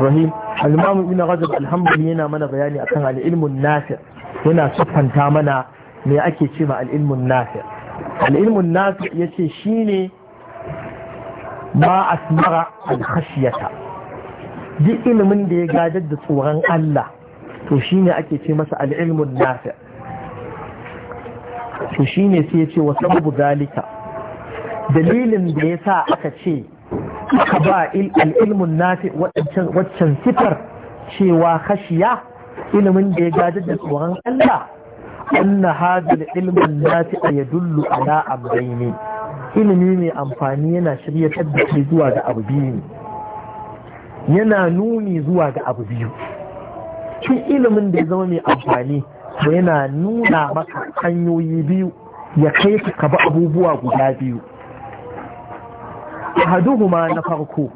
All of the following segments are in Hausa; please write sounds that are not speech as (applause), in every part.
rahim al-imam ibn yana mana bayani akan al-ilmun nafi' yana siffanta mana me ake ce ma al'ilmun ilmun nafi' al nafi' yace shine ma asmara al-khashyata duk ilimin da ya gadar da tsoron Allah to shine ake ce masa al-ilmun nafi' to shine sai yace wa sababu zalika dalilin da yasa aka ce Ka ba al'ilmun nafi waccan sifar cewa khashiya ilimin da ya gaji da tsoron Allah أن هذا a النافع يدل على ne ilimi mai amfani yana shirya tabbaci zuwa ga abu biyu yana nuni zuwa ga abu biyu shi ilimin da ya zama mai amfani yana nuna maka hanyoyi biyu ya kai ka ba abubuwa guda biyu ahaduhuma na farko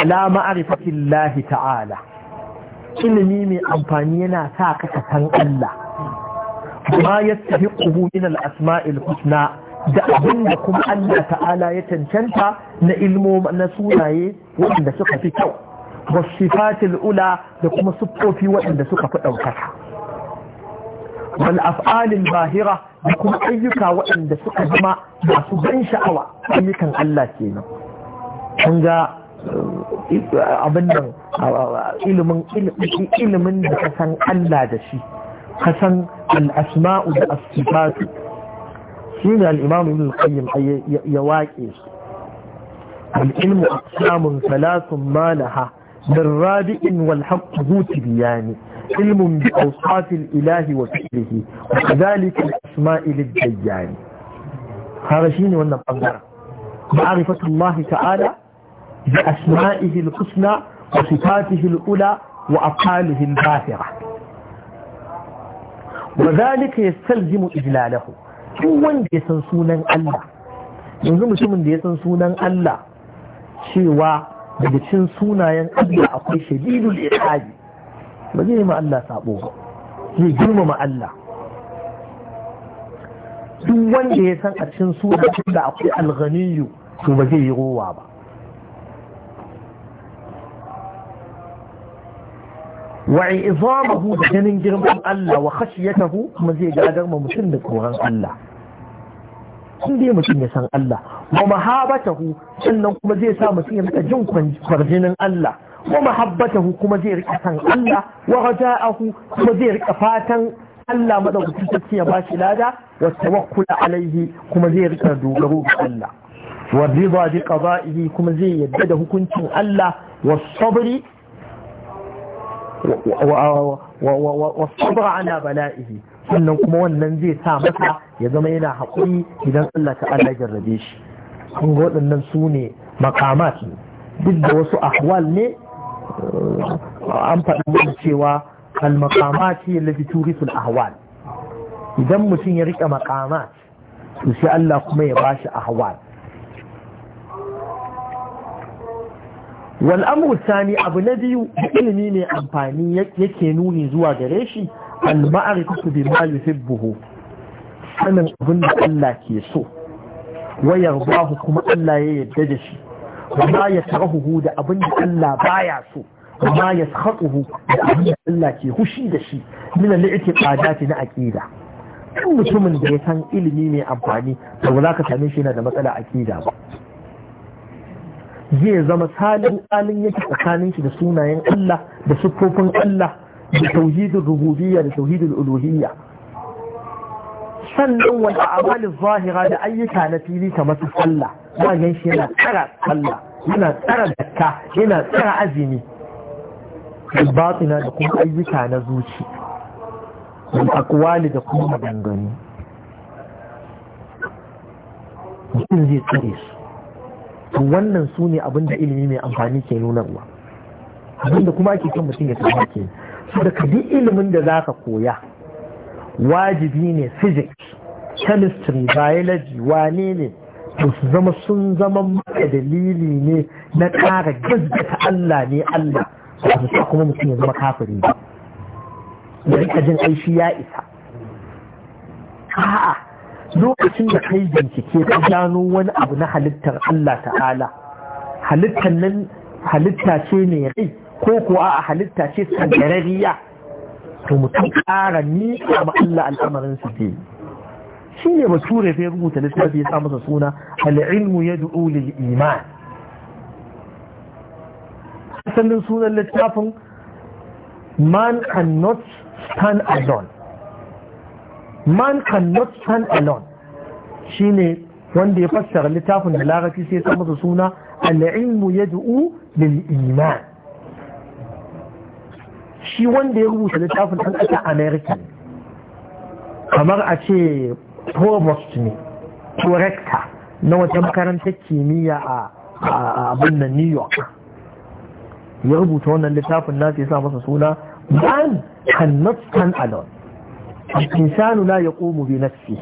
ala ma'arifatin lahi ta'ala ilimi mai amfani yana sa ka san Allah ma ya tafi min al-asma'il husna da abinda kuma Allah ta'ala ya cancanta na ilmo na sunaye waɗanda suka fi kyau wasifatil ula da kuma siffofi waɗanda suka fi ɗaukaka wal af'alil bahira da kuma ayyuka waɗanda suka zama masu ban sha'awa ayyukan Allah kenan an ga eh, abin nan ilimin da ka san Allah da shi ka san al-asma'u da as shi ne al ibn al-qayyim ya waƙe su al-ilmu aqsamun salatun ma laha min rabi'in wal biya biyani علم بأوصاف الإله وفعله وكذلك الأسماء للديان هذا شيء وانا قدر معرفة الله تعالى بأسمائه الحسنى وصفاته الأولى وأفعاله الباهرة وذلك يستلزم إجلاله كون يسنسونا الله yanzu mutumin da ya san sunan Allah cewa daga cin sunayen Allah akwai shadidul iqabi ba zai yi ma Allah sabo ba zai girmama Allah duk wanda ya san a cikin suna da akwai alghaniyu to ba zai yi rowa ba wai izamahu da ganin girman Allah wa khashiyatahu kuma zai gadar ma mutum da tsoron Allah in dai mutum ya san Allah wa mahabatahu sannan kuma zai sa mutum ya rika jin kwarjinin Allah kuma habbatahu kuma zai rika san Allah wa raja'ahu kuma zai rika fatan Allah madaukakin sarki ya bashi lada wa tawakkul alaihi kuma zai rika dogaro ga Allah wa ridha bi qada'ihi kuma zai yadda da hukuncin Allah wa sabri wa sabra ala bala'ihi sannan kuma wannan zai sa masa ya zama yana haƙuri idan Allah ta'ala jarrabe shi kun ga waɗannan su ne makamat duk da wasu ahwal ne an faɗi mana cewa almakama ce hiya allati turithu ahwal idan mutum ya rike makama, to sai Allah kuma ya bashi ahwal wal amru thani abu na biyu ilimi ne amfani yake nuni zuwa gare shi al ma'rifatu bima yuhibbuhu sanin abin da Allah ke so wayar bahu kuma Allah ya yarda da shi وما يترهه دا أبن الله بايا سو da يسخطه Allah ke الله da shi, دا شي من na aƙida. Ɗan mutumin da ya san ilimi mai amfani da wala ka same shi yana da matsala aƙida ba zai zama salin alin yake tsakanin shi da sunayen Allah da siffofin Allah da tauhidin rububiyya da tauhidin uluhiyya sannan wani amalin zahira da ayyuka na fili kamar su sallah bayan shi yana tsara sallah yana tsara zakka yana tsara azumi batina da kuma ayyuka na zuci da akwali da kuma magangani mutum zai tsare su wannan su ne abinda ilimi mai amfani ke nunarwa abinda kuma ake kan mutum ya tafi ke su da duk ilimin da za ka koya wajibi ne physics chemistry biology wane ne to su zama sun zama maka dalili ne na ƙara gaskata Allah ne Allah ba su kuma mutum ya zama kafiri ba da rika jin aishi ya isa a'a lokacin da kai bincike ka gano wani abu na halittar Allah ta'ala halittar nan halitta ce ne rai ko kuwa a halitta ce sangarariya to mutum ƙara ni a Allah al'amarin su ke shi ne bature sai rubuta littafi ya sa suna al'ilmu ya du'u lil iman asalin sunan littafin man cannot stand alone man cannot stand alone shi ne wanda ya fassara littafin da larabci sai ya sa suna al'ilmu ya du'u lil iman shi wanda ya rubuta littafin ɗan ƙasa america kamar a ce provost ne rector na wata makarantar kimiyya a abin nan new york ya rubuta wannan littafin nasu ya sa masa suna man not stand alone insanu la ya ƙomu bi nafsi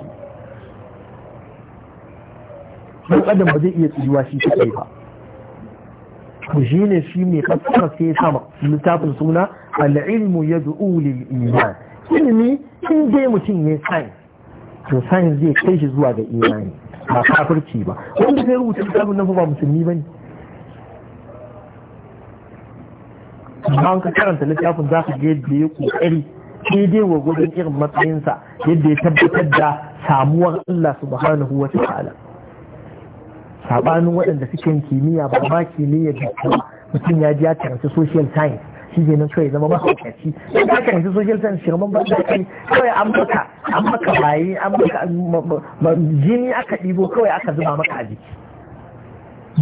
ɗan adam ba zai iya tsiriwa shi kaɗai ba ku shi ne shi mai fassara sama littafin suna al'ilmu ya du'u iman ilimi in dai mutum ya sai to sayin zai kai shi zuwa ga imani ba kafirci ba wanda sai rubuta littafin nan ba musulmi ne an ka karanta littafin za ka ga yadda ya kokari daidai wa gudun irin matsayinsa yadda ya tabbatar da samuwar Allah subhanahu wa ta'ala sabanin waɗanda suke yin kimiyya ba ba kimiyya da mutum ya ji ya karanci social science shi ne nan kawai zama mahaukaci in ka karanci social science shirman ba da kai kawai an maka an maka bayi an maka jini aka ɗibo kawai aka zuba maka a jiki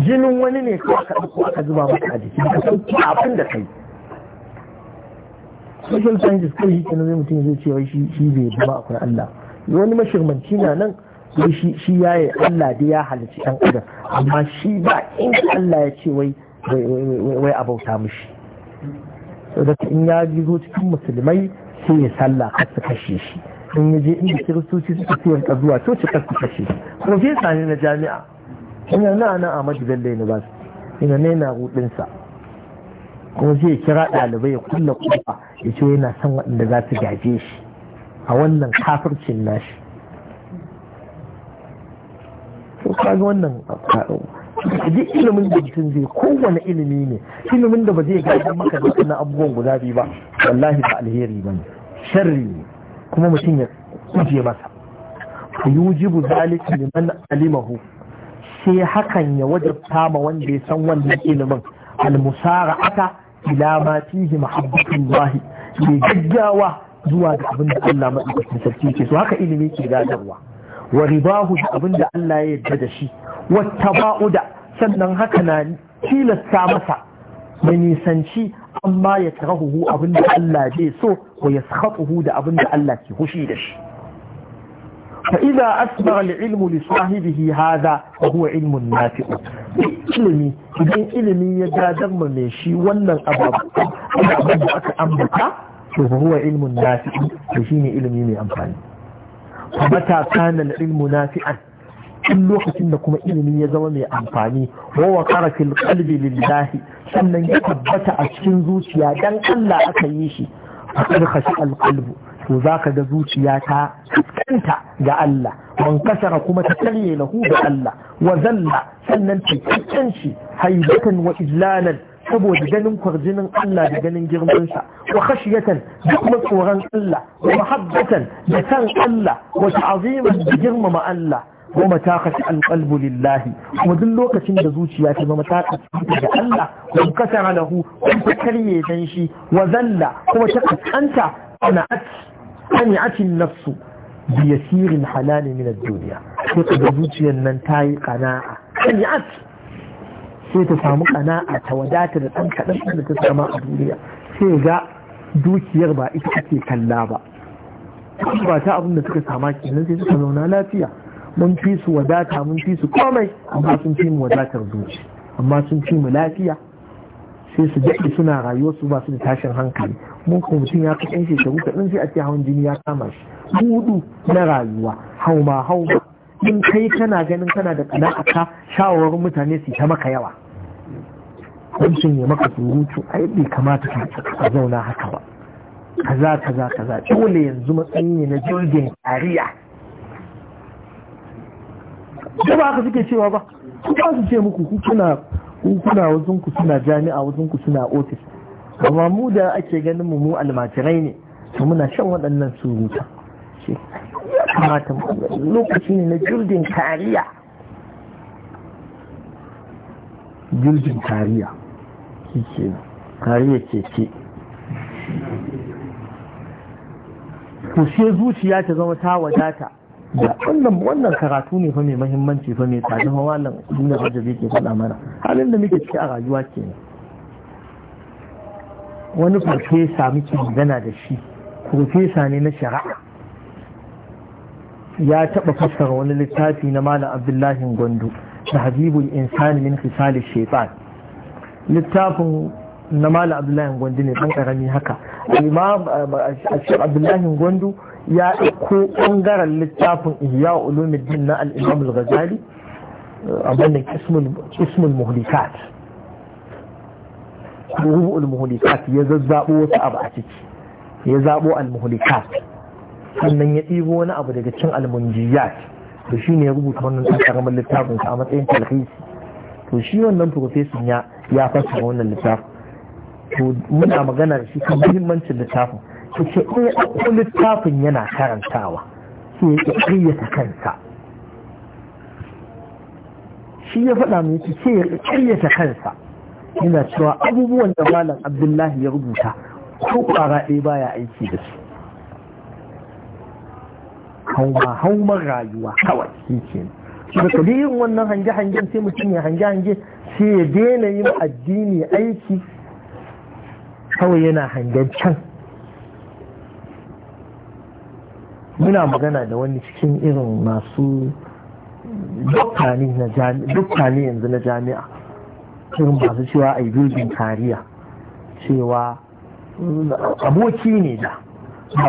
jinin wani ne kawai aka ɗauko aka zuba maka a jiki ka san abin da kai social sciences kawai shi kenan zai mutum zai ce wai shi bai zama akwai Allah wani mashirmanci na nan shi shi yayi Allah dai ya halici ɗan adam amma shi ba inda Allah ya ce wai wai abauta mishi saboda in ya zo cikin musulmai sai ya sallah kar su kashe shi in ya je inda kiristoci suka fi yanka zuwa coci ci kasu kashe shi profesa ne na jami'a ina na nan Ahmadu Bello University ina ne na hudunsa kuma zai kira ɗalibai ya kulla kofa ya ce yana son waɗanda za su gaje shi a wannan kafircin nashi kaga wannan duk ilimin da mutum zai kowane ilimi ne ilimin da ba zai gaji maka da wannan abubuwan guda biyu ba wallahi ba alheri ba ne sharri ne kuma mutum ya kuje masa bu zalika liman alimahu sai hakan ya wajabta ma wanda ya san wannan ilimin almusara'ata ila ma fihi mahabbatullah ya gaggawa zuwa ga abin da Allah madaukakin sarki ke so haka ilimi ke gadarwa wa ribahu da abin da Allah ya yarda da shi wata ba'uda sannan haka na tilasta masa ya nisanci amma ya tarahuhu abin da Allah bai so wa ya sakhatuhu da abin da Allah ke hushi da shi fa idza asbara al-ilmu li sahibihi hadha fa huwa ilmun nafi'u ilimi idan ilimi ya dadar ma mai shi wannan ababu da aka ambata to huwa ilmun nafi'u to shine ilimi mai amfani mata kana ilmu fi'an, in lokacin da kuma ilimi ya zama mai amfani wa waqara fil lillahi sannan ya tabbata a cikin zuciya dan Allah aka yi shi a karkashi al qalbu to zaka ga zuciya ta kanta ga Allah wan kasara kuma ta karye lahu ga Allah wa zalla sannan ta shi haibatan wa idlalan saboda ganin kwarjinin Allah da ganin girmansa wa khashiyatan duk matsoron Allah wa mahabbatan da san Allah wa ta'aziman da girmama Allah wa matakashi alqalbu lillahi kuma duk lokacin da zuciya ta zama ta da Allah wa kasara lahu wa ta karye dan shi wa zalla kuma ta kaskanta ana ani atin nafsu bi yasirin halalin min ad-dunya ko ta zuciyar nan tayi qana'a ani aci. sai ta samu kana'a ta wadatar da ɗan kaɗan da ta sama a duniya sai ga dukiyar ba ita ake kalla ba ba ta abin da suka sama kenan sai suka zauna lafiya mun fi su wadata mun fi su komai amma sun fi mu wadatar zuci amma sun fi mu lafiya sai su daɗe suna rayuwar su ba su da tashin hankali mun kuma mutum ya fi ɗan shekaru kaɗan sai a ce hawan jini ya kama shi hudu na rayuwa hauma ma in kai kana ganin kana da ƙana'a ka shawarwarin mutane su ta maka yawa wancan ya maka surutu a bai kamata ka zauna haka ba kaza kaza kaza dole yanzu matsayi na jirgin kariya ko ba haka suke cewa ba su ba su ce muku ku kuna kuna wajen ku suna jami'a wajen ku suna ofis amma mu da ake ganin mu mu almajirai ne to muna shan waɗannan surutu ce ya kamata lokaci ne na jirgin kariya jirgin kariya kike kariya ce ce ku zuciya ta zama ta wadata da wannan karatu ne fa mai muhimmanci fa mai tsada fa wannan inda Rajab ke faɗa mana halin da muke ciki a rayuwa kenan wani farfesa muke magana da shi farfesa ne na shari'a ya taɓa fassara wani littafi na malam abdullahi gondo da Habibu insani min fisali shaitan littafin na mala abdullahi gwandu ne ɗan ƙarami haka imam ashir eh, abdullahi gwandu ya ɗauko ɓangaren littafin ihya ulumuddin na al'imam al-ghazali eh, a wannan ismul muhlikat ruhu al-muhlikat ya zazzabo wata abu a ciki ya zabo al-muhlikat sannan ya ɗigo wani abu daga cin al-munjiyat da ne ya rubuta wannan ɗan ƙaramin littafin a matsayin talhisi to shi wannan profesin ya ya fasa wannan littafin to muna magana shi kan muhimmancin littafin to ce in littafin yana karantawa sai ya ƙaryata kansa shi ya faɗa mai ce sai ya ƙaryata kansa yana cewa abubuwan da malam abdullahi ya rubuta ko ƙwara ɗaya baya aiki da su hauma hauman rayuwa kawai shi kenan daga da yin wannan hange hange sai mutum ya hange-hange sai ya daina yin addini aiki kawai yana hangen can muna magana da wani cikin irin masu dukkani yanzu na jami'a irin masu cewa a yi kariya cewa aboki ne da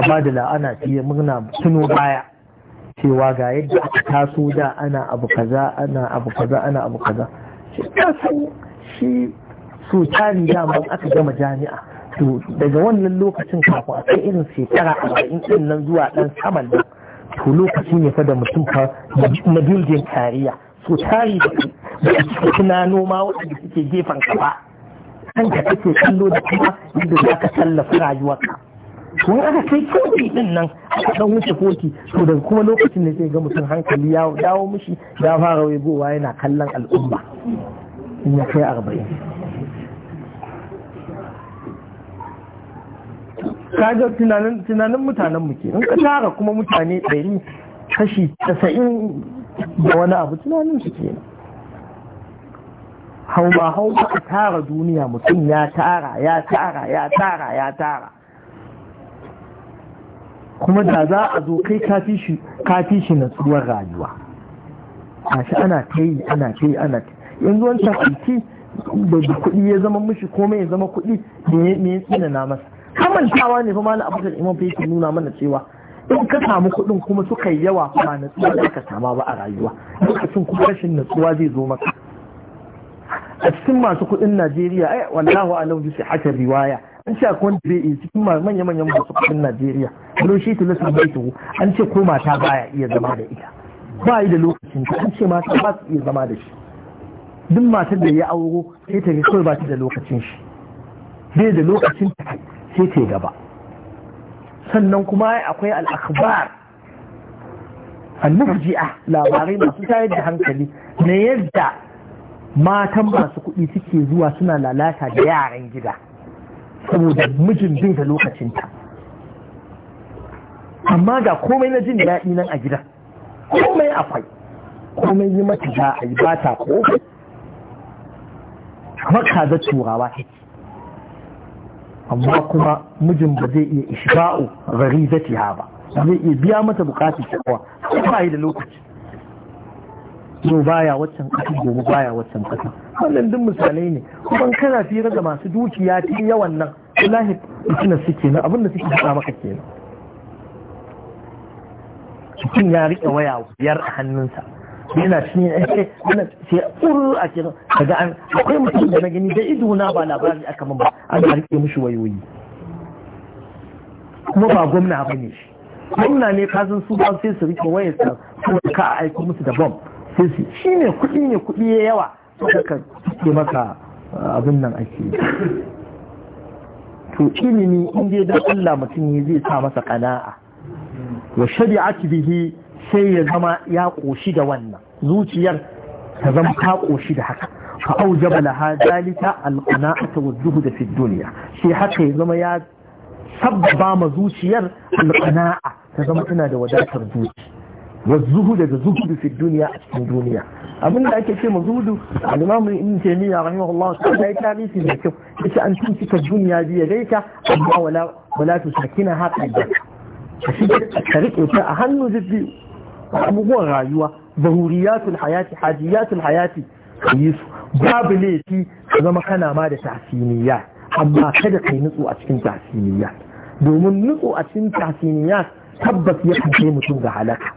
ba da la'ana fiye muna tuno baya cewa ga yadda aka taso da ana abu kaza ana abu kaza ana abu kaza shi taso shi so tani daman aka gama jami'a to daga wannan lokacin kafin a kai irin shekara arba'in din nan zuwa dan saman nan to lokaci ne fa da mutum fa na building kariya so tari da suna noma waɗanda suke gefen ka ba kanka kake kallo da kuma yadda za ka tallafa rayuwarka Wani aka kai kofi din nan aka dan wuce kofi to daga kuma lokacin da zai ga mutum hankali ya dawo mishi ya fara waigowa yana kallon al'umma in ya kai arba'in kaga tunanin mutanen mu ke in ka tara kuma mutane ɗari kashi casa'in da wani abu tunanin su ke hau ba hau ka tara duniya mutum ya tara ya tara ya tara ya tara kuma da za a zo kai kafi shi na tsuwar rayuwa shi ana ta yi ana ta yi ana ta yanzu wancan aiki da kuɗi ya zama mushi ko ya zama kuɗi me ya tsina na masa Kamar kamantawa ne fa malam abubakar imam fa yake nuna mana cewa in ka samu kuɗin kuma suka yi yawa ba tsuwa da aka sama ba a rayuwa lokacin kuma rashin natsuwa zai zo maka a cikin masu kuɗin Najeriya ai wallahu alam bi haka riwaya an sha akwai wanda bai cikin manya-manyan masu kuɗin Najeriya ولو شئت لسبيته an ce ko mata baya iya zama da ita ba yi da lokacin ta an ce mata ba su iya zama da shi duk matar da ya auro sai ta kawai ba ta da lokacin shi bai da lokacin ta sai ta gaba sannan kuma akwai al'akbar al-mufji'a labarai masu tayar da hankali na yadda matan masu kuɗi suke zuwa suna lalata da yaran gida saboda mijin bai da lokacinta amma ga komai na jin daɗi nan a gida komai akwai komai yi mata za a yi ba ta ko ka kaza turawa take amma kuma mijin ba zai iya ishba'u gari za ta ba zai iya biya mata ta kowa ko ba yi da lokaci yau baya waccan ƙasa gobe baya waccan ƙasa wannan duk misalai ne kuma kana fira da masu dukiya ta yawan nan lahi mutuna suke na abin da suke faɗa maka kenan cikin ya riƙe waya biyar a hannunsa yana cikin ake eh, ana sai ƙuru a nan. daga an akwai mutum da na gani da ido na ba labari aka min ba an riƙe mushi wayoyi kuma ba gwamna ba ne shi gwamna ne kasan su ba sai su riƙe wayarsa su ka a aiki musu da bom sai su shi ne kuɗi ne kuɗi ya yawa suka ke maka abin nan ake to ilimi in dai don Allah mutum ne zai sa masa kana'a وشريعت به سي زما يا قوشي دا وانا زوتيار تزم كا قوشي دا حكا فأوجب لها ذلك القناعة والزهد في الدنيا شي حكا زما يا سبب ما زوتيار القناعة تزم انا دا وداتا زوتي والزهد دا زهد في الدنيا في الدنيا أبن لا كشي مزود الإمام ابن الله رحمه الله قال لا يتعني في ذلك إذا أنت تمسك الدنيا دي ليك ولا ولا تسكنها في ka shigar ka riƙe ta a hannu biyu abubuwan rayuwa zaruriyatul hayati hajiyatul hayati ka yi su babu laifi ka zama kana ma da tasiniya amma kada kai nutsu a cikin tasiniya domin nutsu a cikin tasiniya tabbas ya kai mutum ga halaka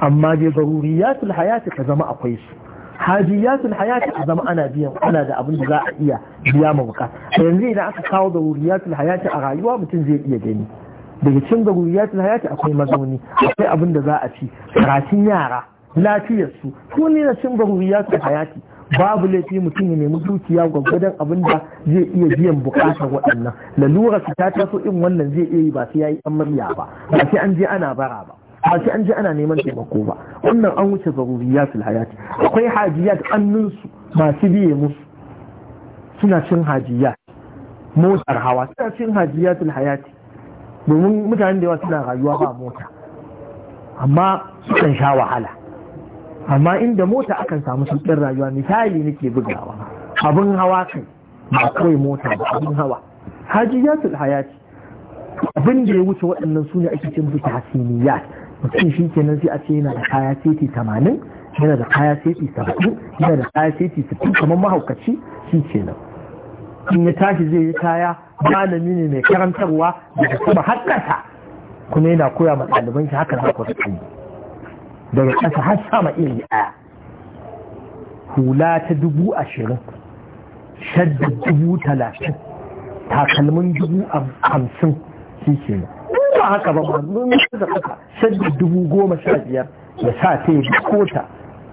amma dai zaruriyatul hayati ka zama akwai su hajiyatul hayati a zama ana biyan ana da abin da za a iya biya ma bukata yanzu idan aka kawo zaruriyatul hayati a rayuwa mutum zai iya gani daga cin ya zaruriyatul hayati akwai mazauni akwai abin da za a ci karatun yara lafiyar su su ne na cin zaruriyatul hayati babu laifi mutum ya nemi dukiya gwagwadon abin da zai iya biyan bukatar waɗannan lalura su ta taso in wannan zai iya yi ba sai yayi an murya ba ba sai an je ana bara ba ba sai an je ana neman taimako ba wannan an wuce zaruriyatul hayati akwai hajiyat annunsu masu biye musu suna cin hajiyat motar hawa suna cin hajiyatul hayati domin mutane da yawa suna rayuwa ba mota amma sukan sha wahala amma inda mota akan samu sauƙin rayuwa misali nake bugawa abin hawa kai ba kawai mota ba abin hawa Haji ya hajiyatul hayati abin da ya wuce waɗannan su ne ake ce musu tasiniyat mutum shi kenan sai a ce yana da kaya seti tamanin yana da kaya seti saba'in yana da kaya seti sittin kamar mahaukaci shi kenan in ya tashi zai yi kaya malami ne mai karantarwa daga kuma har ƙasa kuma yana koya ma ɗaliban shi haka za ku yi. daga ƙasa har sama iri ɗaya hula ta dubu ashirin shadda dubu talatin takalmin dubu hamsin shi ke ne ba haka ba ba mun da haka shadda dubu goma sha biyar da sa ta yi kota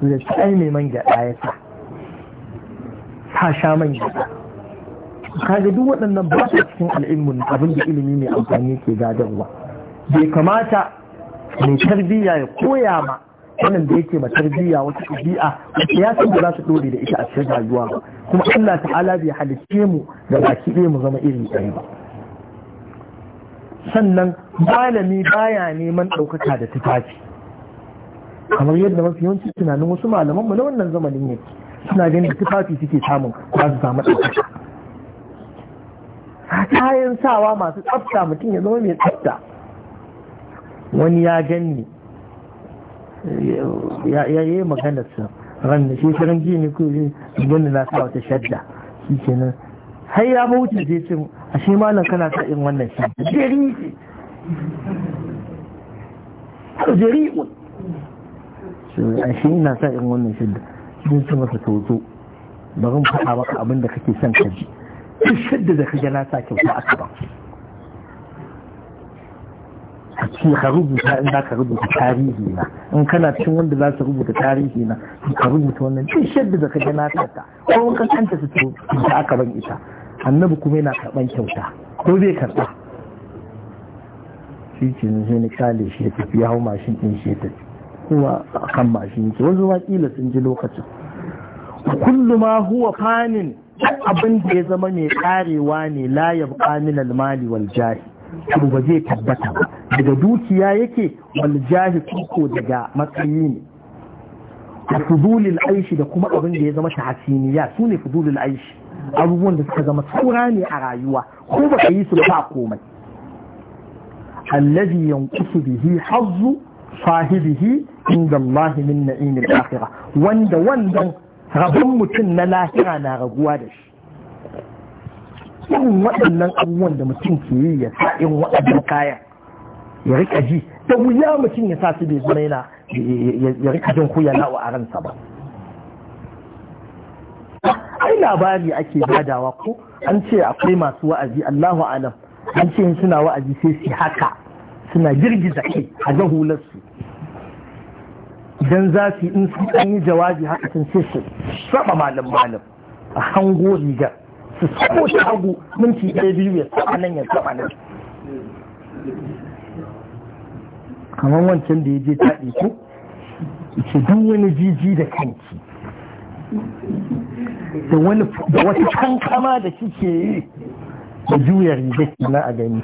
da tsaye mai manja ɗaya ya sa ta sha manja ɗaya kaga duk waɗannan ba su cikin al'ilmun abin da ilimi mai amfani ke gadarwa bai kamata mai tarbiyya ya koya ma wannan da yake ma tarbiyya wata ɗabi'a ya san da za su dore da ita a cikin rayuwa ba kuma Allah ta'ala bai halicce mu da baki ɗaya mu zama irin ɗaya ba sannan malami baya neman ɗaukaka da tufafi kamar yadda mafi yawanci tunanin wasu malaman mu na wannan zamanin yake suna ganin tufafi suke samun ba su samu ɗaukaka a kayan sawa masu tsafta mutum ya zama mai tsafta wani ya ganni ya yi maganarsa ran da shi shirin ji ne kuwa gani na sa wata shadda shi nan har ya mawuce zai ce a shi malam kana sa in wannan shi jeri ce jeri'un a shi ina sa in wannan shadda sun ce masa tozo bari mu faɗa maka abin da kake son ka ji duk da zaka ga na sa kyauta aka ba a cikin ka rubuta in za ka rubuta tarihi na in kana cikin wanda za su rubuta tarihi na ka rubuta wannan duk shadda da ka ga sa ta ko ka kanta su ta aka ban ita annabi kuma yana karban kyauta ko zai karba shi ce na sai na kyale shi ya tafi hau mashin ɗin shi ya tafi a kan mashin yake wanzu ma kila sun ji lokacin kullu ma huwa fanin duk abin da ya zama mai karewa ne la yabqa min wal jahi ba zai tabbata ba daga dukiya yake wal jahi ko daga matsayi ne da fudulil aishi da kuma abin da ya zama shahasiniya su ne fudulil aishi abubuwan da suka zama saura ne a rayuwa ko ba ka yi su ba komai allazi yanqusu bihi hazzu sahibihi inda Allah min na'imil akhirah wanda wannan rabon mutum na lahira na raguwa da shi irin waɗannan abubuwan da mutum ke yi ya sa in waɗannan kayan ya rika ji da wuya mutum ya sa su bai zama yana ya rika jin kuya nawa a ransa ba ai labari ake badawa ko an ce akwai masu wa'azi Allahu alam an ce suna wa'azi sai su haka suna girgiza kai a ga hularsu idan za su in su ɗan yi jawabi haka sun sai su saba malam malam a hango rigar su sabo shi hagu minti ɗaya biyu ya saba nan ya saba nan kamar wancan da ya je taɗi ku, ce duk wani jiji da kanki da wani da wata kankama da kike yi da juya rigar na a gani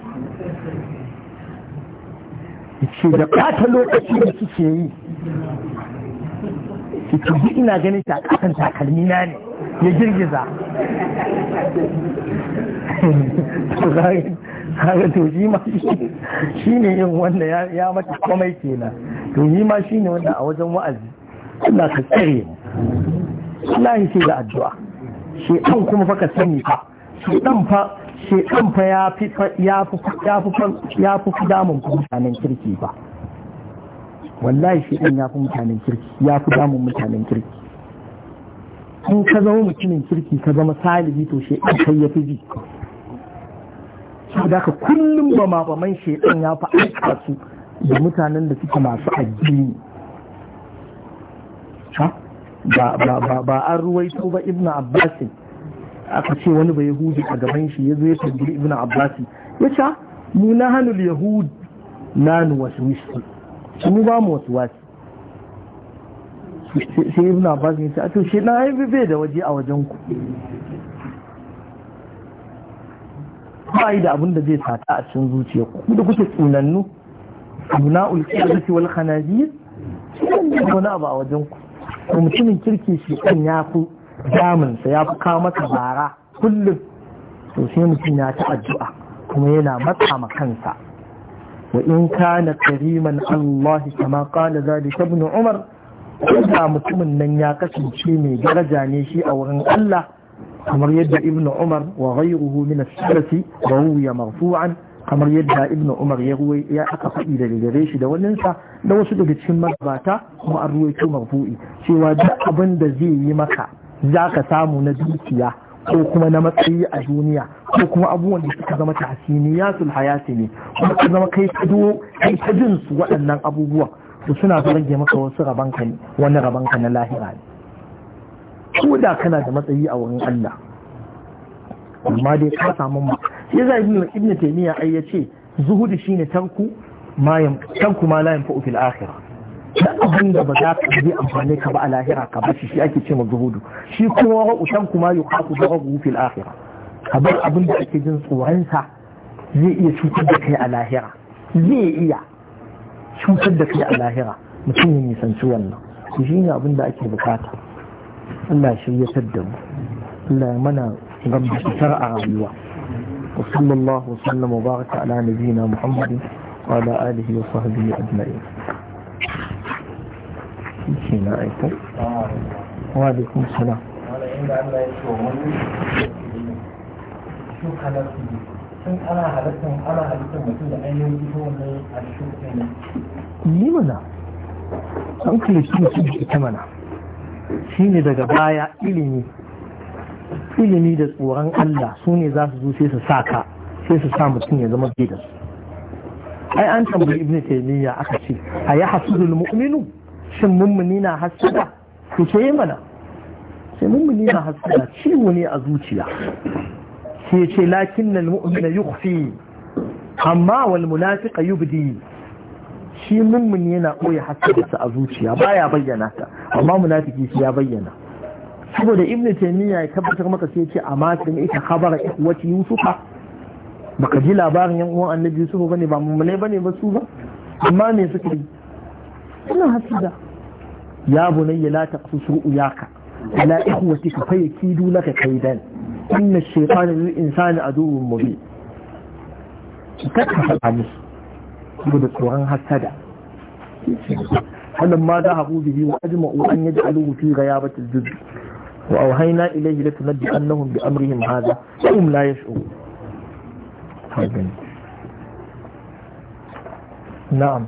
ce da ɓata lokaci da kike yi ce to ina ganin shi a ƙasan takalmi ne ya girgiza to shi ma shi ne yin wanda ya mata komai kenan to shi ma shi ne wanda a wajen wa'azi Allah ka tsare mu Allah ya ce da addu'a shi ɗan kuma fa ka sani fa shi ɗan fa shi ɗan fa ya fi ya fi ya fi damun mutanen kirki ba wallahi shi ɗan ya fi mutanen kirki ya fi damun mutanen kirki in ka zama mutumin kirki ka zama salibi to shi ɗan kai ya fi bi saboda ka kullum ba ma ba man shi ya fi aika su da mutanen da suke masu addini ba an ruwaito ba ibnu abbasin aka ce wani ba yahudi a gaban shi ya zo ya tambayi ibnu abbasin ya ce ah, mu hannun yahudi na mu ba mu wasu wasi sai ibn abbas ne a to shi na haifi bai da waje a wajen ku ba yi da abin da zai sata a cikin zuciya ku da kuke tsunannu abuna zuci wal khanaji wani abu a wajen ku ko mutumin kirki shi kan ya fi damunsa ya fi kawo masa bara kullum to sai mutum ya ta addu'a kuma yana matsa ma kansa وإن كان كريما الله كما قال ذلك ابن عمر إذا متمن من يقسم شيء درجة نشي أو أن الله أمر يدى ابن عمر وغيره من السلف وروي مرفوعا kamar yadda ibn umar ya ruwai ya aka faɗi daga gare shi da waninsa da wasu daga cikin magabata kuma an ruwaito marfu'i cewa duk abin da zai yi maka za ka samu na dukiya ko kuma na matsayi a duniya ko kuma abubuwan da suka zama tahsiniyatul hayati ne kuma ka zama kai ka kai ta su waɗannan abubuwan to suna rage maka wasu rabanka ne wani rabanka na lahira ne ko da kana da matsayi a wurin Allah amma dai ka samu ma sai za yi ibn taymiya ai yace zuhudi shine tanku ma tanku ma la fa'u fil akhirah duk abin da ba za ka yi amfani ka ba a lahira ka bashi shi ake ce ma zuhudu shi kuma wa utan kuma yi haku da rabu fil akhira ka bar abin da ake jin sa zai iya cutar da kai a lahira zai iya cutar da kai a lahira mutum ya nisanci wannan ku shi ne abin da ake bukata Allah shi ya tadda mu Allah ya mana gambatar a rayuwa وصلى الله وسلم وبارك على wa محمد وعلى آله وصحبه أجمعين shi na aiko wa alaikum salam yi mana an kalifi mutum da ita mana shi ne daga baya ilimi ilimi da tsoron Allah su ne za su zo sai su sa ka sai su sa mutum ya zama bidas. ai an tambayi ibn taymiya aka ce a yi hasudul mu'minu shin mummuni na hasada ke ce mana sai mummuni na hasada ciwo ne a zuciya Ke ce lakin nan mu'mina yukhfi amma wal munafiqa yubdi shi mummuni yana koya hasadarsa a zuciya baya bayyana ta amma munafiki shi ya bayyana saboda ibnu taymiya ya tabbatar maka sai ce amma kin ita khabara ikwati yusufa baka ji labarin yan uwan annabi yusufa bane ba mummune bane ba su ba amma me suke yi ina hafiza ya bunayya la taqsus ru'yaka ala ikhwatika fayakidu laka kaidan inna ash-shaytana lil insani aduwwun mubin kaka faɗa musu saboda tsoron hasada wannan ma za haɓu bihi wa ajma'u an yaji aluhu fi ghayabati az-zub wa awhayna ilayhi la tunaddi annahum bi amrihim hadha hum la yash'urun na'am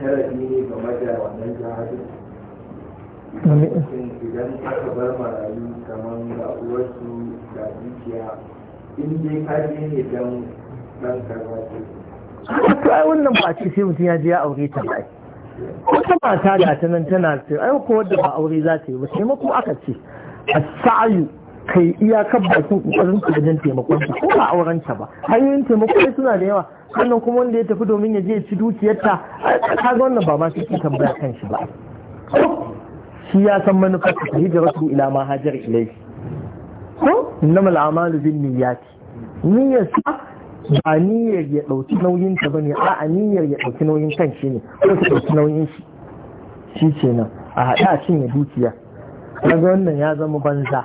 tarafi ne game da wannan jihadin idan aka bar marayu kamar ga uwarsu da dukiya in dai kaje ne don dan karwa ce ai wannan ba ce sai mutum ya je ya aure ta ba wata mata da ta nan tana ce ai ko wadda ba aure za ta yi ba sai mako aka ce a sayu kai iyakar bakin kokarin ka wajen taimakon ta ko ba auren ta ba hanyoyin taimako suna da yawa sannan kuma wanda ya tafi domin ya je ya ci dukiyarta Ta ga wannan ba ma shi tambaya kan shi ba shi ya san manufar ta hijratu ila ma hajar ilayhi ko innamal a'malu bin niyyati niyyar sa ba niyyar ya dauki nauyin ta bane a'a niyyar ya dauki nauyin kan shi ne ko ta dauki nauyin shi shi kenan a haɗe cin ya dukiya kaga wannan ya zama banza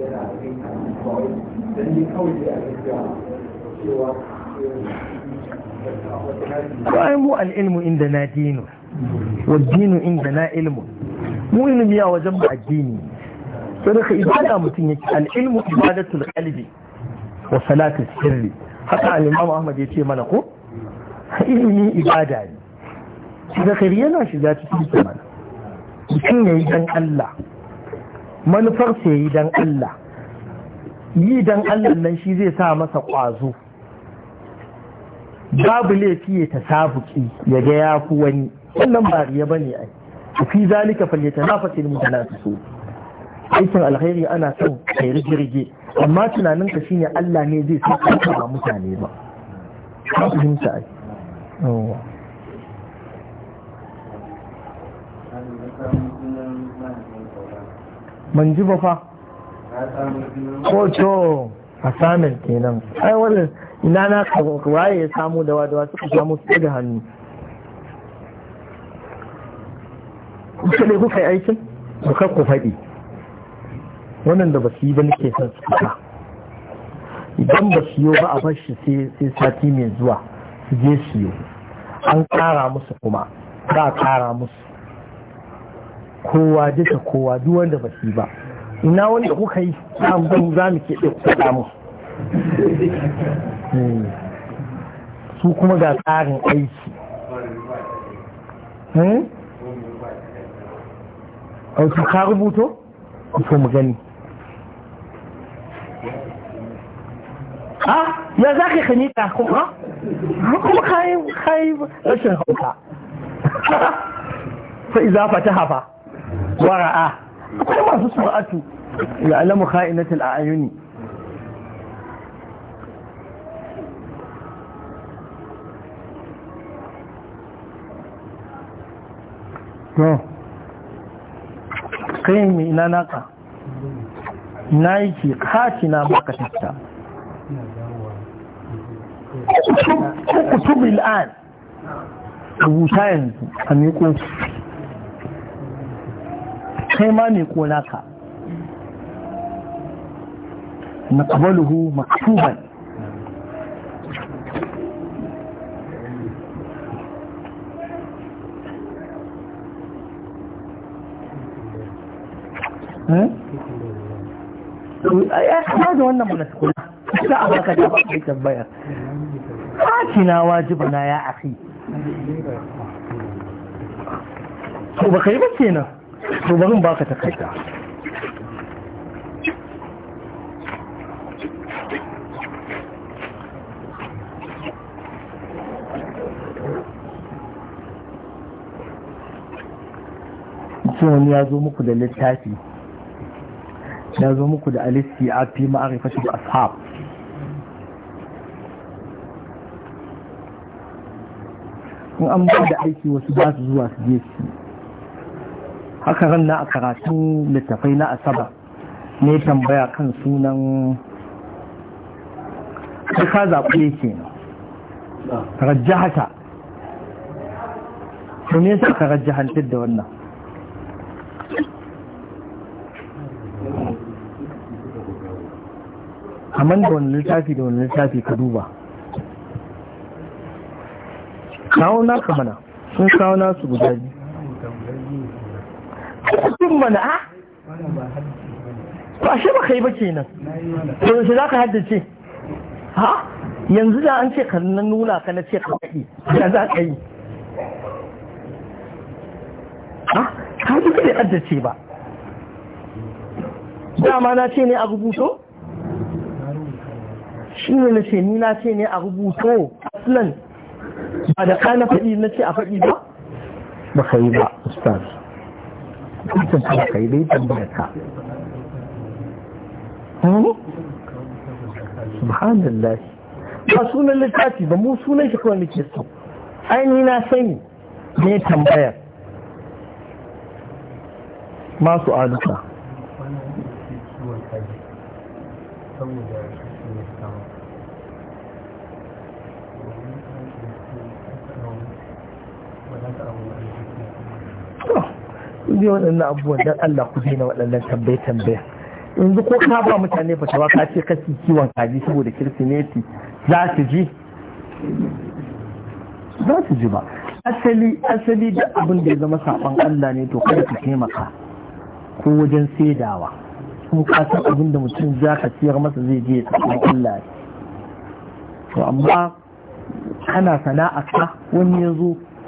yana cikin kanin kawai don yi kawai da ake cewa bayan mu al'ilmu inda na dino wa dino inda na ilmu mu ilimi ya wajen ba addini sai daga ibada mutum yake al'ilmu ibadatul qalbi wa salatu sirri haka al-imam ahmad yace mana ko ilimi ibada ne shi da yana shiga cikin mana mutum yayi dan Allah manufar sai yi don Allah yi don Allah nan shi zai sa masa ƙwazo babu laifi ya ta sabuki ya ga ya fi wani wannan ba riya ba ne ai fi zalika falyata na fasil so aikin alkhairi ana son kairi jirge amma tunanin ka shine Allah ne zai sa ka ba mutane ba ka fahimta ai Oh. ban ji ba fa ko to samun kenan ai wani ina na waye ya samu da wadawa suka samu su da hannu kusa ne kuka yi aikin kuka ku faɗi wannan da ba su yi ba nake son su kuka idan ba su yi ba a ba shi sai sati mai zuwa su je su yi an ƙara musu kuma ba a ƙara musu kowa duka kowa duk wanda ba shi ba ina wani da kuka yi zan za mu ke ɗauka mu hmm. su kuma ga tsarin aiki hmm? auki ka rubuto? ko mu gani ah ya za ka ta kuma kuma kayan rashin hauka (laughs) fa ta hafa. wara'a akwai masu sura'atu ya alamu kha'inatul a'yuni to kai mai ina naka na yi ce kaci na baka tatta kutub il'an rubuta yanzu a miƙo kai ma ne ko naka, na kabaluhu maktuban ya eh? kama da wannan mana ta a ba kai ya akhi to ba kai ba kenan to barin baka takaita wani ya zo muku da littafi ya zo muku da alisti a fi ma'arifashin ashab in an ba da aiki wasu ba su zuwa su je su aka ranna a karatun littafai na asaba ne tambaya kan sunan ka zaɓe ke rajahata su ne suka ka rajahantar da wannan kamar da wani littafi da wani littafi ka duba kawo na kamana, sun kawo nasu guda biyu haddin mana a ba shi ba kai ba kenan yanzu shi za ka haddace ha yanzu da an ce ka nuna ka na ce ka kai ya za ka yi ha ka ji bai haddace ba dama na ce ne a rubuto shi ne na ce ni na ce ne a rubuto aslan ba da kana faɗi na ce a faɗi ba ba kai ba ustaz kusan kuma dai tambayar ka hmm? subhanallah ba sunan littafi ba mu sunan shi kawai nake so ainihi na sani ne tambayar masu aluka Oh. ku je waɗannan abubuwan don Allah ku na waɗannan tambaye tambaye yanzu ko ka ba mutane fatawa ka ce kasi kiwon kaji saboda kirsimeti za su ji za su ji ba asali asali da abin da ya zama saɓon Allah ne to kada ku taimaka ko wajen saidawa ko kasar abin da mutum za ka siyar masa zai je saɓon Allah ne to amma kana sana'a ka wani ya zo